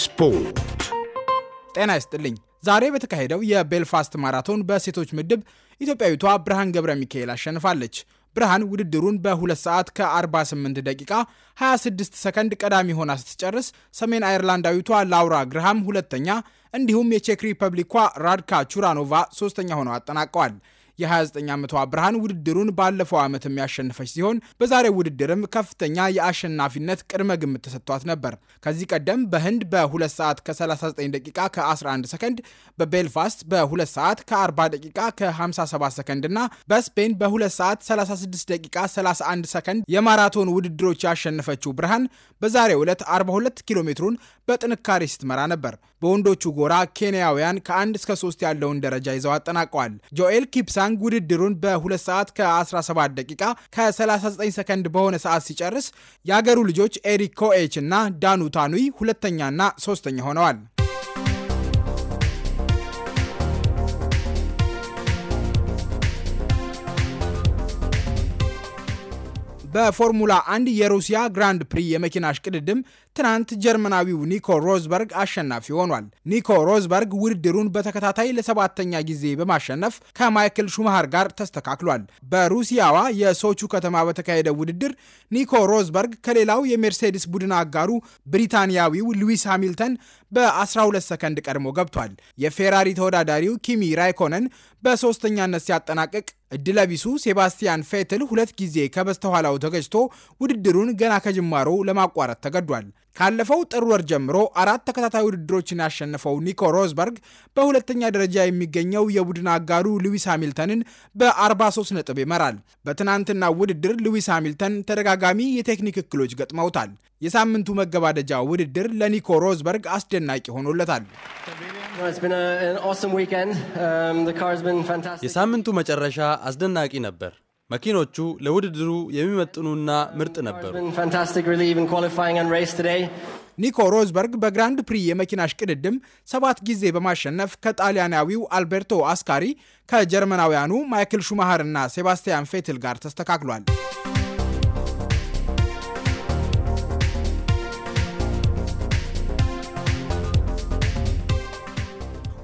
ስፖርት ጤና ይስጥልኝ። ዛሬ በተካሄደው የቤልፋስት ማራቶን በሴቶች ምድብ ኢትዮጵያዊቷ ብርሃን ገብረ ሚካኤል አሸንፋለች። ብርሃን ውድድሩን በ2 ሰዓት ከ48 ደቂቃ 26 ሰከንድ ቀዳሚ ሆና ስትጨርስ ሰሜን አይርላንዳዊቷ ላውራ ግርሃም ሁለተኛ፣ እንዲሁም የቼክ ሪፐብሊኳ ራድካ ቹራኖቫ ሶስተኛ ሆነው አጠናቀዋል። የ29 ዓመቷ ብርሃን ውድድሩን ባለፈው ዓመትም ያሸነፈች ሲሆን በዛሬው ውድድርም ከፍተኛ የአሸናፊነት ቅድመ ግምት ተሰጥቷት ነበር። ከዚህ ቀደም በህንድ በ2 ሰዓት ከ39 ደቂቃ ከ11 ሰከንድ፣ በቤልፋስት በ2 ሰዓት ከ40 ደቂቃ ከ57 ሰከንድ እና በስፔን በ2 ሰዓት 36 ደቂቃ 31 ሰከንድ የማራቶን ውድድሮች ያሸነፈችው ብርሃን በዛሬው ዕለት 42 ኪሎ ሜትሩን በጥንካሬ ስትመራ ነበር። በወንዶቹ ጎራ ኬንያውያን ከ1 እስከ 3 ያለውን ደረጃ ይዘው አጠናቀዋል። ጆኤል ኪፕሳን ያንግ ውድድሩን በ2 ሰዓት ከ17 ደቂቃ ከ39 ሰከንድ በሆነ ሰዓት ሲጨርስ የአገሩ ልጆች ኤሪክ ኮኤች እና ዳኑ ታኑይ ሁለተኛና ሶስተኛ ሆነዋል። በፎርሙላ 1 የሩሲያ ግራንድ ፕሪ የመኪና እሽቅድድም ትናንት ጀርመናዊው ኒኮ ሮዝበርግ አሸናፊ ሆኗል። ኒኮ ሮዝበርግ ውድድሩን በተከታታይ ለሰባተኛ ጊዜ በማሸነፍ ከማይክል ሹማሃር ጋር ተስተካክሏል። በሩሲያዋ የሶቹ ከተማ በተካሄደ ውድድር ኒኮ ሮዝበርግ ከሌላው የሜርሴዲስ ቡድን አጋሩ ብሪታንያዊው ሉዊስ ሃሚልተን በ12 ሰከንድ ቀድሞ ገብቷል። የፌራሪ ተወዳዳሪው ኪሚ ራይኮነን በሶስተኛነት ሲያጠናቅቅ እድለቢሱ ሴባስቲያን ፌትል ሁለት ጊዜ ከበስተኋላው ተገጭቶ ውድድሩን ገና ከጅማሮ ለማቋረጥ ተገዷል። ካለፈው ጥር ወር ጀምሮ አራት ተከታታይ ውድድሮችን ያሸነፈው ኒኮ ሮዝበርግ በሁለተኛ ደረጃ የሚገኘው የቡድን አጋሩ ሉዊስ ሃሚልተንን በ43 ነጥብ ይመራል። በትናንትና ውድድር ሉዊስ ሃሚልተን ተደጋጋሚ የቴክኒክ እክሎች ገጥመውታል። የሳምንቱ መገባደጃ ውድድር ለኒኮ ሮዝበርግ አስደናቂ ሆኖለታል። um, የሳምንቱ መጨረሻ አስደናቂ ነበር። መኪኖቹ ለውድድሩ የሚመጥኑና ምርጥ ነበሩ። ኒኮ ሮዝበርግ በግራንድ ፕሪ የመኪና ሽቅድድም ሰባት ጊዜ በማሸነፍ ከጣሊያናዊው አልቤርቶ አስካሪ ከጀርመናውያኑ ማይክል ሹማሃርና እና ሴባስቲያን ፌትል ጋር ተስተካክሏል።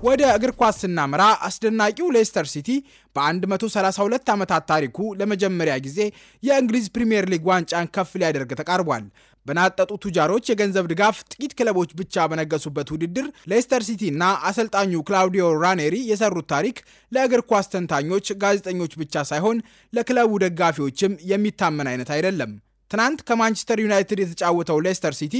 ወደ እግር ኳስ ስናመራ አስደናቂው ሌስተር ሲቲ በ132 ዓመታት ታሪኩ ለመጀመሪያ ጊዜ የእንግሊዝ ፕሪምየር ሊግ ዋንጫን ከፍ ሊያደርግ ተቃርቧል። በናጠጡ ቱጃሮች የገንዘብ ድጋፍ ጥቂት ክለቦች ብቻ በነገሱበት ውድድር ሌስተር ሲቲ እና አሰልጣኙ ክላውዲዮ ራኔሪ የሰሩት ታሪክ ለእግር ኳስ ተንታኞች፣ ጋዜጠኞች ብቻ ሳይሆን ለክለቡ ደጋፊዎችም የሚታመን አይነት አይደለም። ትናንት ከማንቸስተር ዩናይትድ የተጫወተው ሌስተር ሲቲ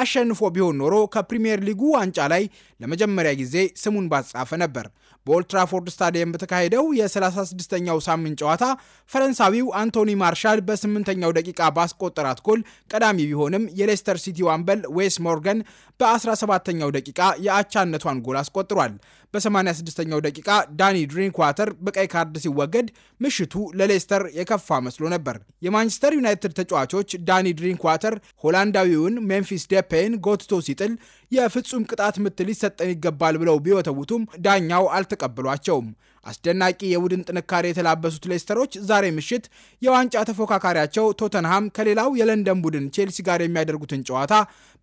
አሸንፎ ቢሆን ኖሮ ከፕሪምየር ሊጉ ዋንጫ ላይ ለመጀመሪያ ጊዜ ስሙን ባጻፈ ነበር። በኦልትራፎርድ ስታዲየም በተካሄደው የ36ኛው ሳምንት ጨዋታ ፈረንሳዊው አንቶኒ ማርሻል በስምንተኛው ደቂቃ ባስቆጠራት ጎል ቀዳሚ ቢሆንም የሌስተር ሲቲ ዋንበል ዌስ ሞርገን በ17ኛው ደቂቃ የአቻነቷን ጎል አስቆጥሯል። በ86ኛው ደቂቃ ዳኒ ድሪንክዋተር በቀይ ካርድ ሲወገድ ምሽቱ ለሌስተር የከፋ መስሎ ነበር። የማንቸስተር ዩናይትድ ተጫዋቾች ዳኒ ድሪንክዋተር ሆላንዳዊውን ሜምፊስ ደ ፔፔን ጎትቶ ሲጥል የፍጹም ቅጣት ምት ሊሰጠን ይገባል ብለው ቢወተውቱም ዳኛው አልተቀብሏቸውም። አስደናቂ የቡድን ጥንካሬ የተላበሱት ሌስተሮች ዛሬ ምሽት የዋንጫ ተፎካካሪያቸው ቶተንሃም ከሌላው የለንደን ቡድን ቼልሲ ጋር የሚያደርጉትን ጨዋታ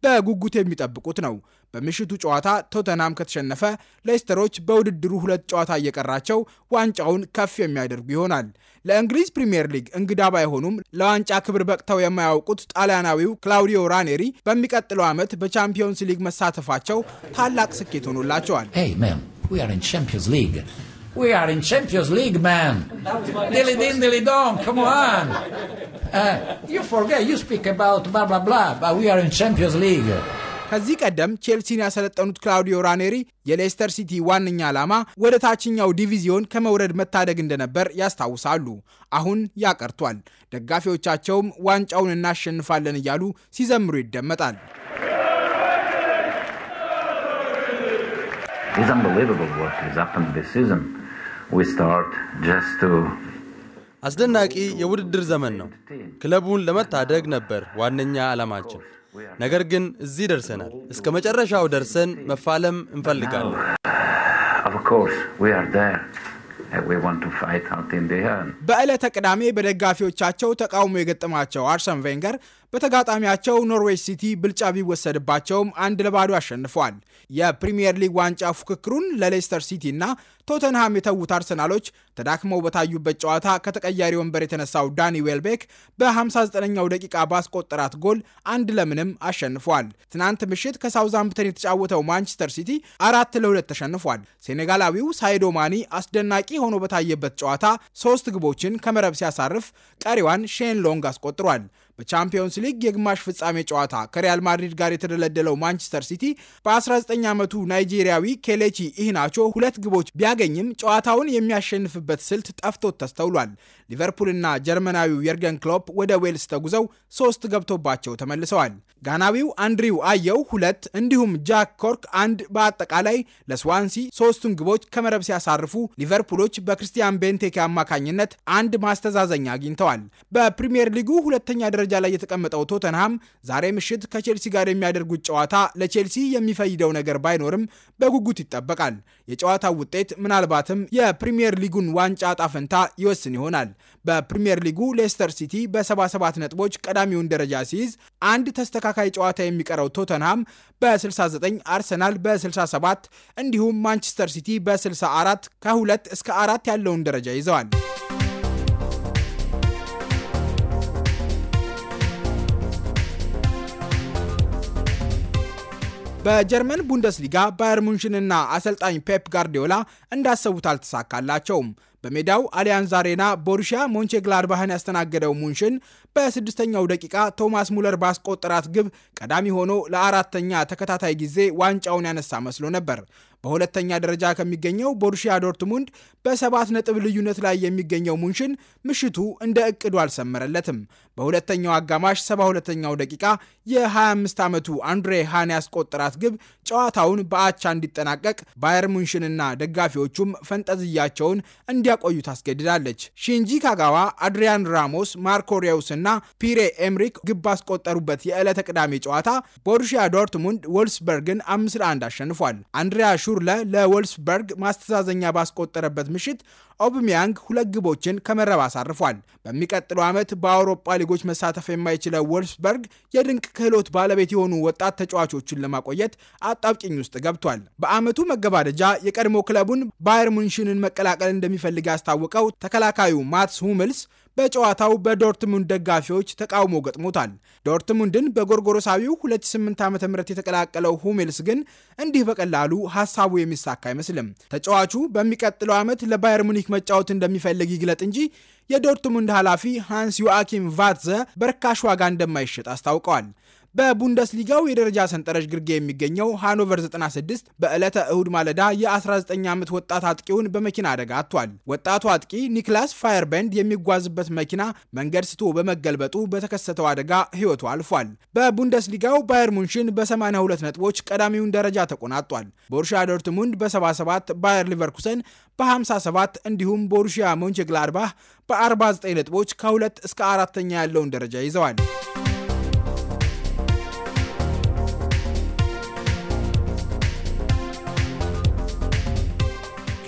በጉጉት የሚጠብቁት ነው። በምሽቱ ጨዋታ ቶተናም ከተሸነፈ ሌስተሮች በውድድሩ ሁለት ጨዋታ እየቀራቸው ዋንጫውን ከፍ የሚያደርጉ ይሆናል። ለእንግሊዝ ፕሪምየር ሊግ እንግዳ ባይሆኑም ለዋንጫ ክብር በቅተው የማያውቁት ጣሊያናዊው ክላውዲዮ ራኔሪ በሚቀጥለው ዓመት በቻምፒዮንስ ሊግ መሳተፋቸው ታላቅ ስኬት ሆኖላቸዋል። ሊግ ከዚህ ቀደም ቼልሲን ያሰለጠኑት ክላውዲዮ ራኔሪ የሌስተር ሲቲ ዋነኛ ዓላማ ወደ ታችኛው ዲቪዚዮን ከመውረድ መታደግ እንደነበር ያስታውሳሉ። አሁን ያቀርቷል። ደጋፊዎቻቸውም ዋንጫውን እናሸንፋለን እያሉ ሲዘምሩ ይደመጣል። አስደናቂ የውድድር ዘመን ነው። ክለቡን ለመታደግ ነበር ዋነኛ ዓላማችን። ነገር ግን እዚህ ደርሰናል። እስከ መጨረሻው ደርሰን መፋለም እንፈልጋለን። በዕለተ ቅዳሜ በደጋፊዎቻቸው ተቃውሞ የገጠማቸው አርሰን ቬንገር በተጋጣሚያቸው ኖርዌጅ ሲቲ ብልጫ ቢወሰድባቸውም አንድ ለባዶ አሸንፈዋል። የፕሪምየር ሊግ ዋንጫ ፉክክሩን ለሌስተር ሲቲ እና ቶተንሃም የተዉት አርሰናሎች ተዳክመው በታዩበት ጨዋታ ከተቀያሪ ወንበር የተነሳው ዳኒ ዌልቤክ በ59ኛው ደቂቃ ባስቆጠራት ጎል አንድ ለምንም አሸንፏል። ትናንት ምሽት ከሳውዛምፕተን የተጫወተው ማንቸስተር ሲቲ አራት ለሁለት ተሸንፏል። ሴኔጋላዊው ሳይዶ ማኒ አስደናቂ ሆኖ በታየበት ጨዋታ ሶስት ግቦችን ከመረብ ሲያሳርፍ ቀሪዋን ሼን ሎንግ አስቆጥሯል። በቻምፒዮንስ ሊግ የግማሽ ፍጻሜ ጨዋታ ከሪያል ማድሪድ ጋር የተደለደለው ማንቸስተር ሲቲ በ19 ዓመቱ ናይጄሪያዊ ኬሌቺ ኢህናቾ ሁለት ግቦች ቢያገኝም ጨዋታውን የሚያሸንፍበት ስልት ጠፍቶት ተስተውሏል። ሊቨርፑልና ጀርመናዊው የርገን ክሎፕ ወደ ዌልስ ተጉዘው ሶስት ገብቶባቸው ተመልሰዋል። ጋናዊው አንድሪው አየው ሁለት፣ እንዲሁም ጃክ ኮርክ አንድ፣ በአጠቃላይ ለስዋንሲ ሶስቱን ግቦች ከመረብ ሲያሳርፉ ሊቨርፑሎች በክርስቲያን ቤንቴክ አማካኝነት አንድ ማስተዛዘኛ አግኝተዋል። በፕሪምየር ሊጉ ሁለተኛ ደረጃ ደረጃ ላይ የተቀመጠው ቶተንሃም ዛሬ ምሽት ከቼልሲ ጋር የሚያደርጉት ጨዋታ ለቼልሲ የሚፈይደው ነገር ባይኖርም በጉጉት ይጠበቃል። የጨዋታው ውጤት ምናልባትም የፕሪምየር ሊጉን ዋንጫ ጣፈንታ ይወስን ይሆናል። በፕሪምየር ሊጉ ሌስተር ሲቲ በ77 ነጥቦች ቀዳሚውን ደረጃ ሲይዝ፣ አንድ ተስተካካይ ጨዋታ የሚቀረው ቶተንሃም በ69፣ አርሰናል በ67 እንዲሁም ማንቸስተር ሲቲ በ64 ከ2 እስከ አራት ያለውን ደረጃ ይዘዋል። በጀርመን ቡንደስሊጋ ባየር ሙንሽንና አሰልጣኝ ፔፕ ጋርዲዮላ እንዳሰቡት አልተሳካላቸውም። በሜዳው አሊያንዝ አሬና ቦሩሺያ ሞንቼ ግላድባህን ያስተናገደው ሙንሽን በስድስተኛው ደቂቃ ቶማስ ሙለር ባስቆጠራት ግብ ቀዳሚ ሆኖ ለአራተኛ ተከታታይ ጊዜ ዋንጫውን ያነሳ መስሎ ነበር። በሁለተኛ ደረጃ ከሚገኘው ቦሩሺያ ዶርትሙንድ በሰባት ነጥብ ልዩነት ላይ የሚገኘው ሙንሽን ምሽቱ እንደ እቅዱ አልሰመረለትም። በሁለተኛው አጋማሽ 72ኛው ደቂቃ የ25 ዓመቱ አንድሬ ሃን ያስቆጠራት ግብ ጨዋታውን በአቻ እንዲጠናቀቅ ባየር ሙንሽንና ደጋፊዎቹም ፈንጠዝያቸውን እንዲያቆዩ ታስገድዳለች። ሺንጂ ካጋዋ፣ አድሪያን ራሞስ፣ ማርኮ እና ፒሬ ኤምሪክ ግብ ባስቆጠሩበት የዕለተ ቅዳሜ ጨዋታ ቦሩሺያ ዶርትሙንድ ወልስበርግን አምስት ለአንድ አሸንፏል። አንድሪያ ሹርለ ለወልስበርግ ማስተዛዘኛ ባስቆጠረበት ምሽት ኦብሚያንግ ሁለት ግቦችን ከመረብ አሳርፏል። በሚቀጥለው ዓመት በአውሮፓ ሊጎች መሳተፍ የማይችለው ወልፍስበርግ የድንቅ ክህሎት ባለቤት የሆኑ ወጣት ተጫዋቾችን ለማቆየት አጣብቂኝ ውስጥ ገብቷል። በዓመቱ መገባደጃ የቀድሞ ክለቡን ባየር ሙንሽንን መቀላቀል እንደሚፈልግ ያስታወቀው ተከላካዩ ማትስ ሁምልስ በጨዋታው በዶርትሙንድ ደጋፊዎች ተቃውሞ ገጥሞታል። ዶርትሙንድን በጎርጎሮሳዊው 28 ዓ ም የተቀላቀለው ሁሜልስ ግን እንዲህ በቀላሉ ሀሳቡ የሚሳካ አይመስልም። ተጫዋቹ በሚቀጥለው ዓመት ለባየር ሙኒክ መጫወት እንደሚፈልግ ይግለጥ እንጂ የዶርትሙንድ ኃላፊ ሃንስ ዮአኪም ቫትዘ በርካሽ ዋጋ እንደማይሸጥ አስታውቀዋል። በቡንደስሊጋው የደረጃ ሰንጠረዥ ግርጌ የሚገኘው ሃኖቨር 96 በዕለተ እሁድ ማለዳ የ19 ዓመት ወጣት አጥቂውን በመኪና አደጋ አጥቷል። ወጣቱ አጥቂ ኒክላስ ፋየርበንድ የሚጓዝበት መኪና መንገድ ስቶ በመገልበጡ በተከሰተው አደጋ ሕይወቱ አልፏል። በቡንደስሊጋው ባየር ሙንሽን በ82 ነጥቦች ቀዳሚውን ደረጃ ተቆናጧል። ቦሩሺያ ዶርትሙንድ በ77 ባየር ሊቨርኩሰን በ57 እንዲሁም ቦሩሺያ ሞንቼግላድባህ በ49 ነጥቦች ከ2 እስከ አራተኛ ያለውን ደረጃ ይዘዋል።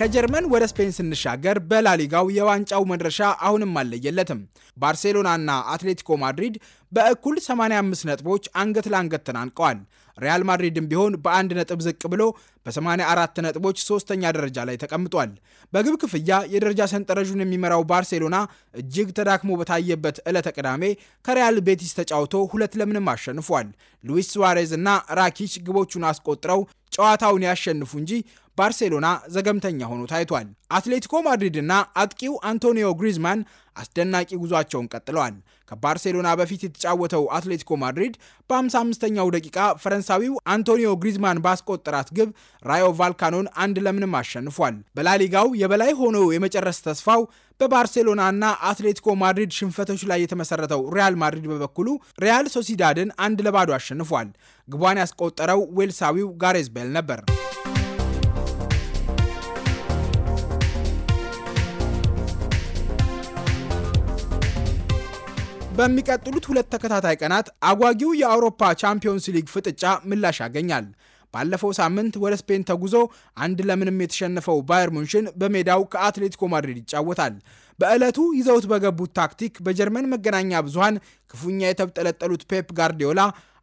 ከጀርመን ወደ ስፔን ስንሻገር በላሊጋው የዋንጫው መድረሻ አሁንም አለየለትም። ባርሴሎናና አትሌቲኮ ማድሪድ በእኩል 85 ነጥቦች አንገት ለአንገት ተናንቀዋል። ሪያል ማድሪድም ቢሆን በአንድ ነጥብ ዝቅ ብሎ በ84 ነጥቦች ሶስተኛ ደረጃ ላይ ተቀምጧል። በግብ ክፍያ የደረጃ ሰንጠረዡን የሚመራው ባርሴሎና እጅግ ተዳክሞ በታየበት ዕለተ ቅዳሜ ከሪያል ቤቲስ ተጫውቶ ሁለት ለምንም አሸንፏል። ሉዊስ ሱዋሬዝ እና ራኪች ግቦቹን አስቆጥረው ጨዋታውን ያሸንፉ እንጂ ባርሴሎና ዘገምተኛ ሆኖ ታይቷል። አትሌቲኮ ማድሪድና አጥቂው አንቶኒዮ ግሪዝማን አስደናቂ ጉዟቸውን ቀጥለዋል። ከባርሴሎና በፊት የተጫወተው አትሌቲኮ ማድሪድ በ55ኛው ደቂቃ ፈረንሳዊው አንቶኒዮ ግሪዝማን ባስቆጠራት ግብ ራዮ ቫልካኖን አንድ ለምንም አሸንፏል። በላሊጋው የበላይ ሆኖ የመጨረስ ተስፋው በባርሴሎና እና አትሌቲኮ ማድሪድ ሽንፈቶች ላይ የተመሰረተው ሪያል ማድሪድ በበኩሉ ሪያል ሶሲዳድን አንድ ለባዶ አሸንፏል። ግቧን ያስቆጠረው ዌልሳዊው ጋሬዝ ቤል ነበር። በሚቀጥሉት ሁለት ተከታታይ ቀናት አጓጊው የአውሮፓ ቻምፒዮንስ ሊግ ፍጥጫ ምላሽ ያገኛል። ባለፈው ሳምንት ወደ ስፔን ተጉዞ አንድ ለምንም የተሸነፈው ባየር ሙንሽን በሜዳው ከአትሌቲኮ ማድሪድ ይጫወታል። በዕለቱ ይዘውት በገቡት ታክቲክ በጀርመን መገናኛ ብዙኃን ክፉኛ የተብጠለጠሉት ፔፕ ጋርዲዮላ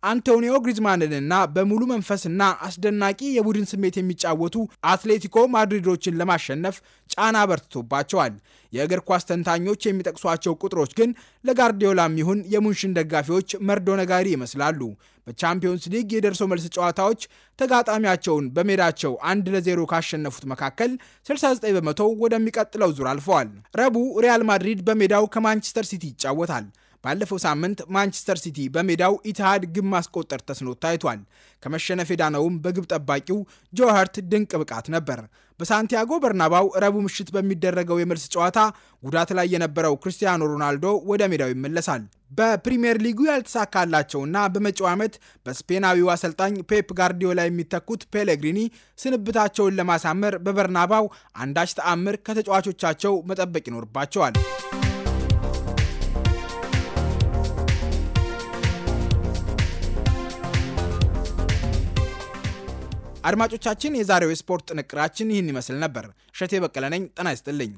አንቶኒዮ ግሪዝማንንና በሙሉ መንፈስና አስደናቂ የቡድን ስሜት የሚጫወቱ አትሌቲኮ ማድሪዶችን ለማሸነፍ ጫና በርትቶባቸዋል። የእግር ኳስ ተንታኞች የሚጠቅሷቸው ቁጥሮች ግን ለጋርዲዮላም ይሁን የሙንሽን ደጋፊዎች መርዶ ነጋሪ ይመስላሉ። በቻምፒዮንስ ሊግ የደርሶ መልስ ጨዋታዎች ተጋጣሚያቸውን በሜዳቸው አንድ ለዜሮ ካሸነፉት መካከል 69 በመቶ ወደሚቀጥለው ዙር አልፈዋል። ረቡዕ ሪያል ማድሪድ በሜዳው ከማንቸስተር ሲቲ ይጫወታል። ባለፈው ሳምንት ማንቸስተር ሲቲ በሜዳው ኢትሃድ ግብ ማስቆጠር ተስኖ ታይቷል። ከመሸነፍ የዳነውም በግብ ጠባቂው ጆ ሃርት ድንቅ ብቃት ነበር። በሳንቲያጎ በርናባው ረቡዕ ምሽት በሚደረገው የመልስ ጨዋታ ጉዳት ላይ የነበረው ክርስቲያኖ ሮናልዶ ወደ ሜዳው ይመለሳል። በፕሪምየር ሊጉ ያልተሳካላቸውና በመጪው ዓመት በስፔናዊው አሰልጣኝ ፔፕ ጋርዲዮላ የሚተኩት ፔሌግሪኒ ስንብታቸውን ለማሳመር በበርናባው አንዳች ተአምር ከተጫዋቾቻቸው መጠበቅ ይኖርባቸዋል። አድማጮቻችን፣ የዛሬው የስፖርት ጥንቅራችን ይህን ይመስል ነበር። እሸቴ በቀለ ነኝ። ጤና ይስጥልኝ።